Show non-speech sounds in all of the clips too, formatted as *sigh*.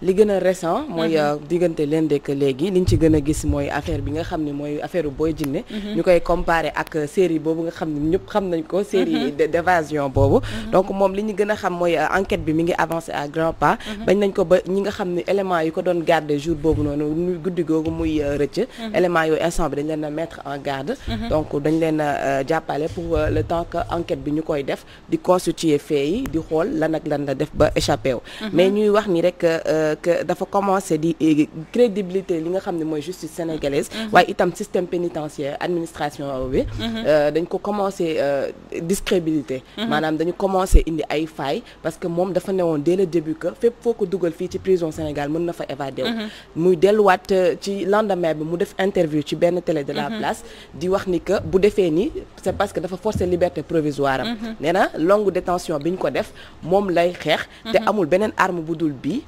li gën a récent mooy mhm. euh, diggante leen dëkk léegi liñ ci gën gis mooy affaire bi nga xam ne mooy affaire Boy Djiné mhm. ñu koy comparé ak série boobu nga xam ne ñëpp xam nañ ko série mhm. d'évasion boobu donc moom li ñu gën a xam mooy euh, enquête bi mi ngi avancé à grands pas bañ nañ ko ba ñi nga xam ne éléments yi ko doon garde jour boobu noonu guddi googu muy euh, rëcc éléments yooyu instant bi dañ leen a mettre en garde donc dañ leen a jàppale pour le temps que enquête bi ñu koy def di constituer fait yi xool lan lan la def ba échappé wu que dafa commencé di eh, crédibilité li nga xam ne mooy justice sénégalaise mm-hmm. waaye itam système pénitentiaire administration bi mm-hmm. euh, dañ ko commencé euh, discrédibilité mm-hmm. maanaam dañu commencé indi ay failles parce que moom dafa newoon dès le début que fépp foo ko dugal fii ci prison Sénégal mën na fa évadé wu muy delluwaat euh, ci lendemain bi mu def interview ci benn télé de la place di wax ni que bu defee ni c'est parce que dafa forcer liberté provisoire am nee na longue détention bi ko def moom lay xeex te amul beneen arme bu dul bii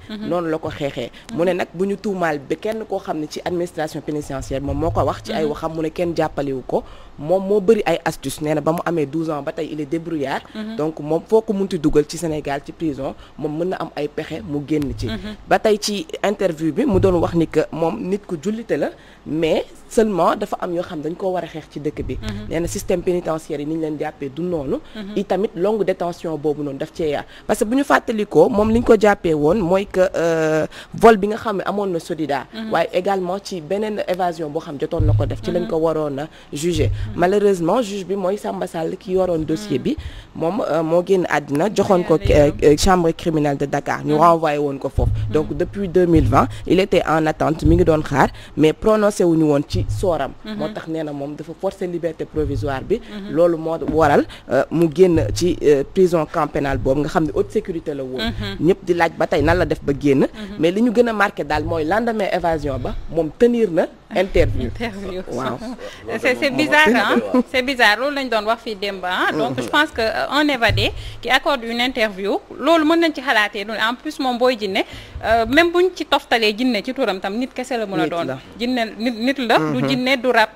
la ko xeexee mu ne nag bu ñu tuumaal ba kenn koo xam ne ci administration pénitentiaire moom moo ko wax ci ay mhm. waxam mu ne kenn jàppalewu ko moom moo bëri ay astuce nee ba mu amee 12 ans ba tey il est débrouillard mhm. donc moom foo ko munti dugal ci Sénégal ci prison moom mën na am ay pexe mu génn ci mhm. ba tey ci interview bi mu doon wax ni que moom nit ku jullite la mais seulement dafa am yoo xam dañ ko war a xeex ci dëkk bi mhm. nee na système pénitentiaire yi ni leen jàppee du noonu i tamit longue détention boobu noonu daf cee yaa parce que bu ñu fàttalikoo moom li ñu ko jàppee woon mooy que euh, vol bi nga xam ne amoon na solida waaye également ci beneen évasion boo xam jotoon na ko def ci lañ ko waroon a jugé malheureusement juge bi mooy Samba Sall ki yoroon dossier bi moom euh, moo génn àddina joxoon ko euh, chambre criminelle de Dakar ñu ah. renvoyé woon ko foofu ah. donc depuis 2020 il était en attente mi ngi doon xaar mais prononcé wuñu woon ci sooram mhm. moo tax nee na moom dafa forcer liberté provisoire bi mhm. loolu moo waral euh, mu génn ci prison camp pénal boobu nga xam ne haute sécurité la woon mhm. ñëpp di laaj ba tey nan la def ba génn mais li ñu gën a marqué daal mooy lendemain évasion ba moom tenir na interview interview waaw. *laughs* c'est c'est bizarre ah c'est bizarre loolu lañ doon wax fii démb ah. donc je pense que euh, un évadé qui accorde une interview loolu mën nañ ci xalaatee noonu en plus moom booy jinne euh, même buñ ci toftalee jinne ci turam tam nit kese la mën a doon. jinne nit nit la. Mm-hmm. du jinne du rab.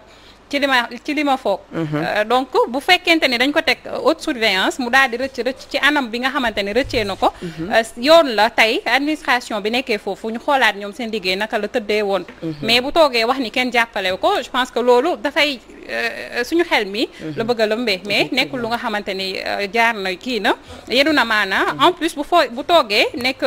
ci li ma ci li ma foog. Mhm. Euh, donc bu fekkente ni dañ ko teg euh, haute surveillance mu daal di rëcc rëcc ci anam bi nga xamante ni rëccee na ko. Mhm. Euh, yoon la tey administration bi nekkee foofu ñu xoolaat ñoom seen liggéey naka la tëddee woon. Mhm. mais bu toogee wax ni kenn jàppale ko je pense que loolu dafay suñu xel mi. la bëgg a lëmbee mais nekkul lu nga xamante ni jaar na kii na yenu na maanaa en plus bu foo bu toogee nekk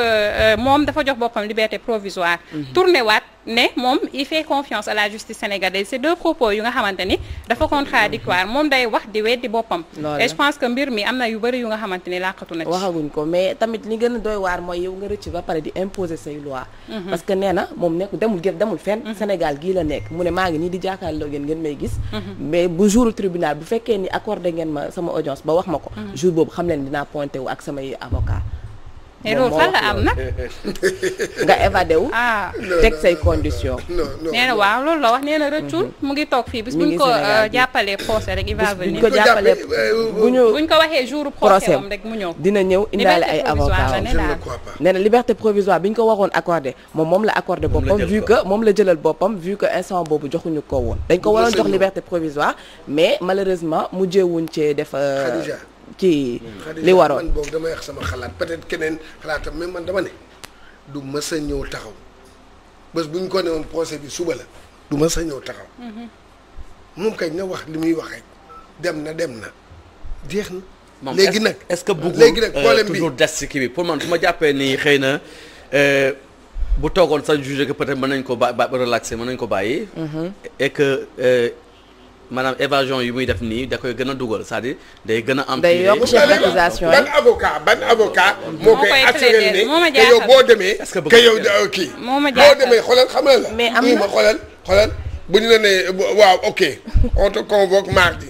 moom dafa jox boppam liberté provisoire tourné ne moom il fait confiance à la justice sénégalaise c'est deux propos yu nga xamante ni dafa contradictoire moom day wax di weddi boppam et je que mbir mi am na yu bëri yu nga xamante ni làqatu na ci ko mais tamit li gën a doy mooy yow nga rëcc ba pare di imposer say loi mhm. parce que nee na moom nekk demul gëf demul fenn mhm. Sénégal gii la nekk mu ne maa ngi nii di jàkkaarloo ngeen ngeen may gis mhm. mais bu jour tribunal bu fekkee ni accordé ngeen ma sama audience ba wax ma ko jour boobu xam leen dinaa pointé wu ak samay avocat mais loolu fan la am na *laughs* nga évadé wu. ah teg say condition nee waaw loolu la wax nee na rëccul mhm. mu ngi toog fii bis bu ñu ko euh, jàppalee procès rek il euh, euh, bu ñu ko jàppalee bu ñu. bu ko waxee jour procès moom rek mu ñëw. dina ñëw indaale ay avocat nee na liberté provisoire bi ñu ko waroon accordé moom moom la accordé boppam vu que moom la jëlal boppam vu que instant boobu joxuñu ko woon. dañ ko waroon jox liberté provisoire mais malheureusement mujjee wuñ cee def. kii li waroon man boobu damay wax sama xalaat peut-être keneen xalaatam mais man dama ne du mës a ñëw taxaw bés bu ñu ko newoon procès bi suba la du mës a ñëw taxaw mhm. moom kay na wax li muy wax rek dem na dem na jeex na léegi nag est-ce que bëggul léegi nag euh, problème bi toujours des ci kii bi pour man su ma jàppee nii xëy na euh, bu toogoon sa jugé que peut-être mën nañ ko ba relaxé mën nañ ko bàyyi mhm. et euh, maanaam évasion yi muy def nii dakoy koy gën a dugal c'est-à-dire day gën a. day yokk chef d'accusation ban avocat ban avocat. moo koy assuré ne que boo demee. est-ce que yow kii. moo ma boo demee xoolal xamal la. mais am na xoolal xoolal bu ñu la nee waaw ok *laughs* on te convoque mardi.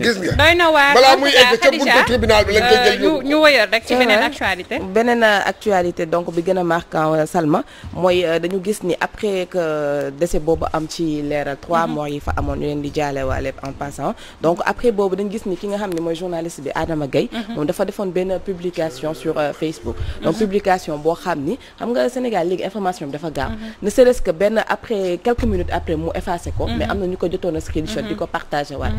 gis nga doy na waar balaa muy egg ca buntu tribunal bi lañ koy jël euh, ñu ñu rek ci beneen actualité beneen euh, actualité donc bi gën a marquant euh, Salma mooy dañu gis ni après que décès boobu am ci leeral trois mhm. morts yi fa amoon ñu leen di jaale waale en passant donc après boobu dañu gis ni ki nga xam ne mooy journaliste bi Adama Gaye mhm. moom dafa defoon benn publication sur Facebook donc mhm. publication boo xam ni xam nga Sénégal léegi information bi dafa gaaw ne serait-ce que benn après quelques minutes après mu effacé ko mais na ñu ko jotoon a di ko partagé waat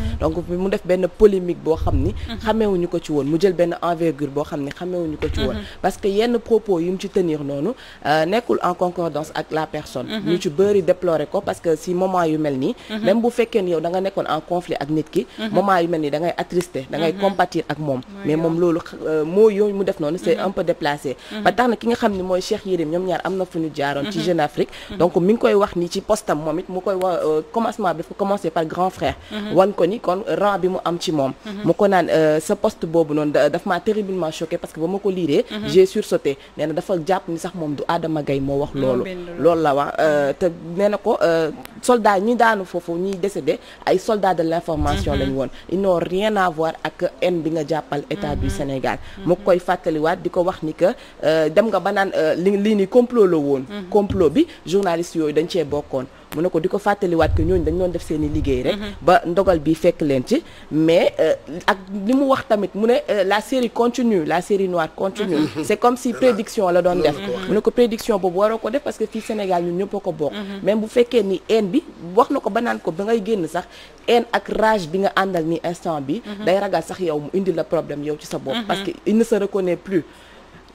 mu def benn polémique boo xam ni mhm. xamewuñu ko ci woon mu jël benn envergure boo xam ni xamewuñu ko ci woon mhm. parce que yenn propos yu mu ci tenir noonu euh, nekkul en concordance ak la personne mhm. ñu ci bëri déplorer ko parce que si moment yu mel nii même bu fekkee ni yow da nga nekkoon en conflit ak nit ki moment yu mel nii da ngay attristé da ngay compatir ak moom mais moom loolu euh, moo yooyu mu def noonu c'est un peu déplacé ba tax na ki nga xam ni mooy Cheikh Yérim ñoom ñaar am na fu ñu jaaroon ci Jeune Afrique mi ngi koy wax ni ci postam moom it mu koy wax euh, commencement bi dafa commencé par grand frère courant bi mu am ci moom mhm. mu ko naan euh, sa poste boobu noonu daf maa terriblement choqué parce que ba ma ko liiree mhm. j'ai sursauté nee na dafa jàpp ni sax moom du Adama Gaye moo wax loolu loolu la wax euh, mhm. te nee ko euh, soldats ñi daanu foofu ñiy décédé ay soldats de l'information lañu woon ils n'ont rien à voir ak haine bi nga jàppal état du Sénégal mu koy fàttaliwaat di ko wax ni que dem nga ba naan li lii ni complot la woon complot bi journaliste yooyu dañ cee bokkoon mu ne ko di ko fàttaliwaat que ñooñu dañ doon def seeni i liggéey rek mhm. ba ndogal bi fekk leen ci mais euh, ak li mu wax tamit mu ne euh, la série continue la série noire continue mhm. c'est comme si prédiction la doon def mu ne ko prédiction boobu waroo ko def parce que fii Sénégal ñun ñëpp a ko bokk mhm. même bu fekkee ni haine bi wax na ko ba naan ko ba ngay génn sax haine ak rage bi nga àndal ni instant bi day ragal sax yow mu indi la problème yow ci sa bopp parce que il ne se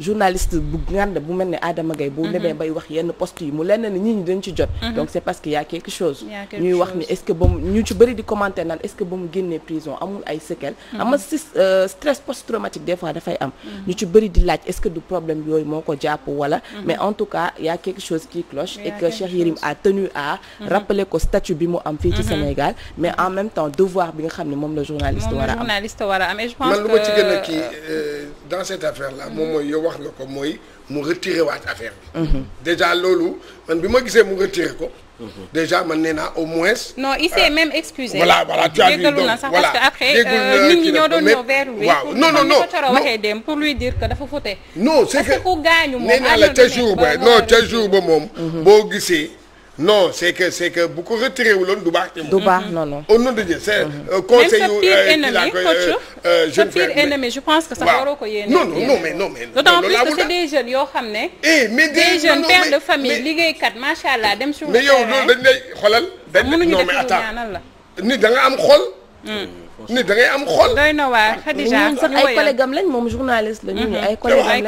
journaliste bu ngand bu mel ne Adama Gaye bu demee mhm. bay wax yenn poste yi mu lenn ni nit ñi dañ ci jot mhm. donc c'est parce que y a quelque chose ñuy wax ni est-ce que ba mu ñu ci bëri di commenter naan est-ce que ba mu génnee prison amul ay séquelles mhm. ama euh, stress post-traumatique des dafay am ñu ci bëri di laaj est-ce que du problème yooyu moo ko jàpp wala mais en tout cas y a quelque chose qui cloche et que Yérim a tenu à rappeler ko statut bi mu am fii ci Sénégal mais en même temps devoir bi nga xam ne moom la journaliste wax na ko mooy mu retiré waat affaire bi. Mhm. déjà loolu man bi ma gisee mu retiré ko. Mhm. déjà man nee naa au moins. non il s'est euh, même excusé. voilà voilà tu as vu donc voilà euh, nit ñi ñoo doon ñëw vers lui. waaw non non non pour ko waxee dem pour lui dire que dafa fauté. non c'est que parce gaañu moom. la ca jour ba non ca jour ba moom. Mhm. boo gisee. non c'est que c'est que bu ko retiré wu loon du baax. du baax mm-hmm. non non. au nom de Dieu c'est mm-hmm. euh, conseil yu euh, euh, sa pire ennemi je pense que sax waroo ko yéene. non non mais non mais. d'autant plus que c'est des jeunes yoo xam ne. Eh, mais des jeunes pères de famille liggéeykat macha allah dem. sur le terrain mais yow loolu dañ lay xolal. dañ non mais attends nit da nga am xol. Hmm. nit da ngay am xol. doy na waar sax ay collègues am lañ moom journaliste la. ñun mhm. ay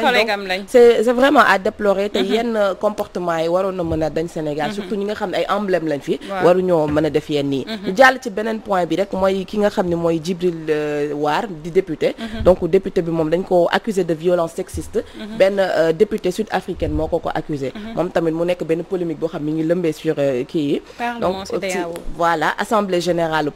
collègues am lañ donc vraiment à déplorer te mhm. yenn comportement yi waroon na mën a dañ Sénégal. Mhm. surtout ñi nga xam ne ay emblème lañ fi. waaw waruñoo mën a def yenn yi. ñu jàll ci beneen point bi rek mooy ki nga xam ne mooy Djibril euh, War di député. donc député bi moom dañ ko accusé de violence sexiste. benn euh, député sud africaine moo ko ko accusé. moom tamit mu nekk benn polémique boo xam ne ñu ngi lëmbee sur euh, kii yi. donc voilà assemblée générale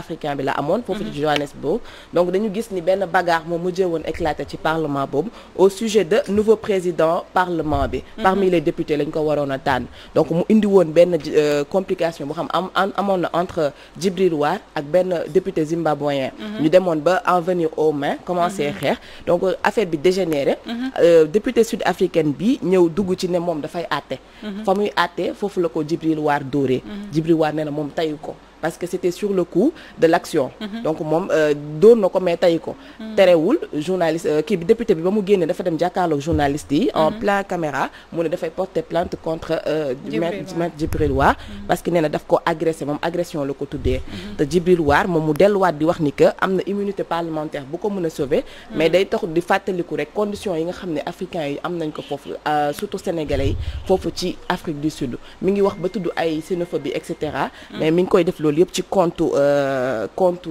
africain bi la amoon foofu ci mhm. Johannesburg donc dañu gis ni benn bagarre moom mujjee woon éclaté ci parlement boobu au sujet de nouveau président parlement bi mhm. parmi les députés lañ ko waroon a tànn donc mu indi woon benn euh, complication boo xam am amoon na entre Djibril War ak benn député zimbabwéen mhm. ñu demoon ba en venir aux mains commencé xeex donc euh, affaire bi dégénéré euh, député sud africaine bi ñëw dugg ci ne moom dafay àtte fa muy àtte foofu la ko Djibril War dóoree Djibril na moom tayu ko parce que c'était sur le coup de l'action mhm. donc moom euh, doon na ko mais tay ko mhm. terewul journaliste euh, kii bi député bi ba mu génnee dafa dem jàkkaarloog journaliste yi en mhm. plein caméra mu ne dafay porter plainte contre euh, maître maître Djibril War parce que nee na daf ko agressé moom agression la ko tuddee te Djibril War moom mu delluwaat di wax ni que am na immunité parlementaire bu ko mën a sauver mais day tax di fàttaliku rek condition yi nga xam ne africain yi am nañ ko foofu surtout sénégalais foofu ci Afrique Sud mi ngi wax ba tudd ay xénophobie et cetera mais mi ngi koy def loolu yëpp ci compte euh, compte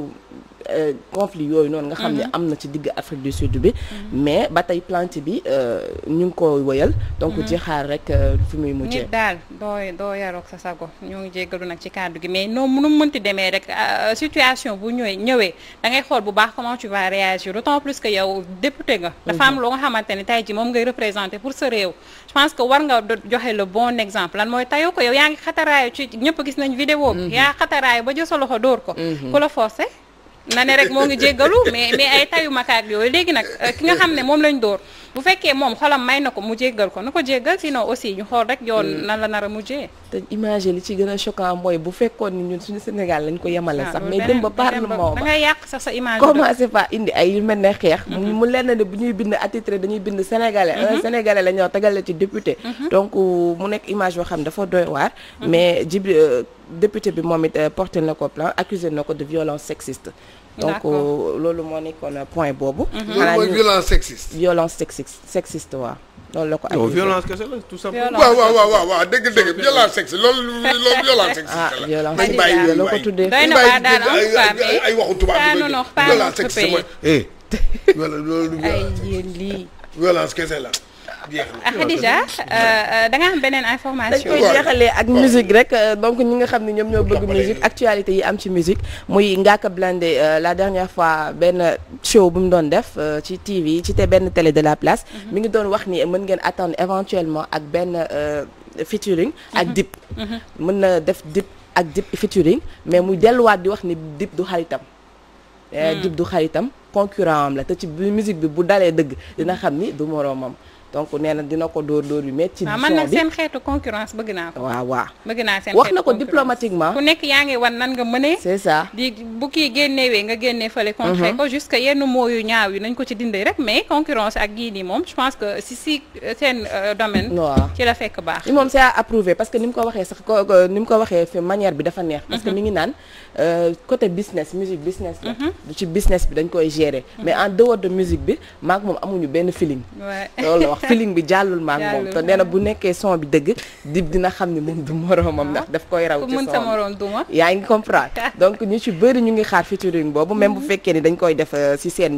Euh, conflit yooyu noonu nga xam ne mhm. am na ci digg Afrique du Sud bi mhm. mais ba tey plante bi euh, ñu ngi ko wëyal donc ci mhm. xaar rek euh, fi muy mujjee nit daal doo doo yaroog sa sago ñoo ngi jéggalu nag ci kàddu gi mais noo mënu mënti demee rek situation bu ñëwee ñëwee da ngay xool bu baax comment tu vas réagir d'autant plus que yow député nga dafa am loo nga xamante ne tey ji moom ngay représenter pour sa réew je pense que war nga joxe la bon exemple lan mooy tayu ko yow yaa ngi xataraayu ci ñëpp gis nañ bi yaa xataraayu ba jël sa na ne rek moo ngi jéggalu mais mais ay tayu yooyu léegi nag euh, ki nga xam ne moom lañ dóor bu fekkee moom xolam may na ko mu jéggal ko na ko jéggal sinon aussi ñu xool rek yoon mm. nan la nar a mujjee te image li ci gën a choquant mooy bu fekkoon ni ñun suñu Sénégal lañ ko yemale ah, sax mais dem ba parlement ba da ngay yàq sax sa image commencé fa indi ay yu mel ne xeex mm-hmm. mu leen ne bu ñuy bind attitré dañuy bind sénégalais un mm-hmm. sénégalais la tegal la ci député mm-hmm. donc euh, mu nekk image yoo xam dafa doy waar mais jib euh, député bi moom it porté na ko plainte accusé na ko de violence sexiste donc euh, loolu moo nekkoon point boobu. Mhm. xanaa mooy violence sexiste. violence sexiste sexiste waaw. loolu la ko accuser violence kese la tout dëgg dëgg violence sexiste loolu loolu la. Ah, violence sexiste la ko ah, tuddee. doy na waa daal ay waxu tubaab yi doy violence sexiste mooy. *laughs* voilà loolu. ay yéen lii. kese la. ah Khadija euh, euh, da beneen information. dañ koy jeexalee ak musique rek euh, donc ñi nga xam ne ñoom ñoo bëgg musique actualité yi am ci musique muy Ngaaka Blindé la dernière fois benn show bu mu doon def ci TV ci te benn télé de la place. Mhm. mi ngi doon wax ni mën ngeen attendre éventuellement ak benn featuring ak mhm. Dip. Mhm. mën na def Dip ak Dip featuring mais muy delluwaat di wax ni Dip du xaritam. Eh, dip du xaritam concurrent am la te ci musique bi bu dalee dëgg dina xam ni du moroomam. donc nee na dina ko dóor dóor yu métti. ci mission xeetu concurrence bëgg naa ko. waaw waaw bëgg naa wax na ko diplomatiquement. ku nekk yaa ngi wan nan nga mënee. c'est ça di bu kii génnewee nga génnee fële. contrer mhm. ko jusque yenn mots yu ñaaw yi nañ ko ci dindee rek mais concurrence ak gii nii moom je pense que si si euh, seen euh, domaine. waaw ci la fekk baax. li moom c'est à approuver parce que ni mu ko waxee sax ko ni mu ko waxee fi manière bi dafa neex. parce que mhm. mi ngi naan euh, côté business musique business la. du mhm. bi dañ koy gérer. mais en dehors de musique bi maak moom amuñu benn feeling. *laughs* wax feeling bi jàllul maak moom te nee na bu nekkee son bi dëgg dib dina xam ni moom du moroomam ndax ah, daf koy raw ci son yaa ngi comprendre *laughs* donc ñu ci bëri ñu ngi xaar featuring boobu mhm. dañ koy def euh, si scène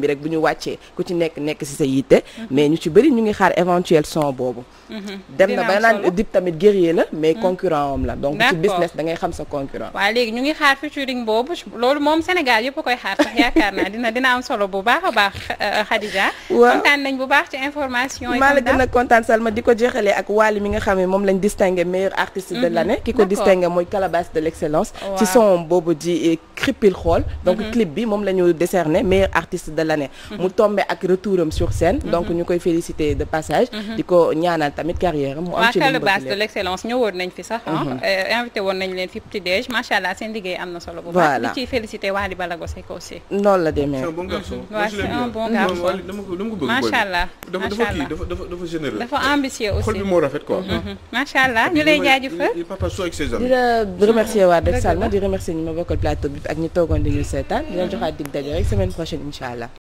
ku ci nekk nekk si sa yitte mhm. mais ñu ci bëri ñu ngi xaar éventuel son boobu mhm. dem na ba naan dib tamit guerrier la mais concurrent am la donc ci business da ngay xam sa concurrent waaw léegi ñu ngi xaar featuring boobu loolu moom Sénégal a koy xaar sax yaakaar naa dina dina am solo bu baax a baax euh, Khadija kontaan nañ bu baax ci information maa la gën a kontaan Salma di ko jeexalee ak Wally mi nga xam moom lañ distingué meilleur artiste de mhm. l'année ki ko distingué mooy calebasse de l'excellence ci son boobu ji Xippil eh, Xool donc mhm. clip bi moom la ñu décerné meilleur artiste de l'année mhm. mu tombé ak retouram sur scène donc ñu koy féliciter de passage di ko ñaanal tamit carrière mu am ci calebasse de l'excellence ñëwoon nañ fi sax ah. eh, invité woon nañ leen fi petit déj macha allah seen liggéey am na solo bu baax di ciy féliciter Wally dafa dafa aussi xol mhm, mhm. allah ñu lay jaajëfal. papa soo ak ses amis. Salma di remercier ñi ma bokkal plateau bi ak ñi toogoon di ñu seetaan. di joxaat dig daje semaine prochaine incha allah.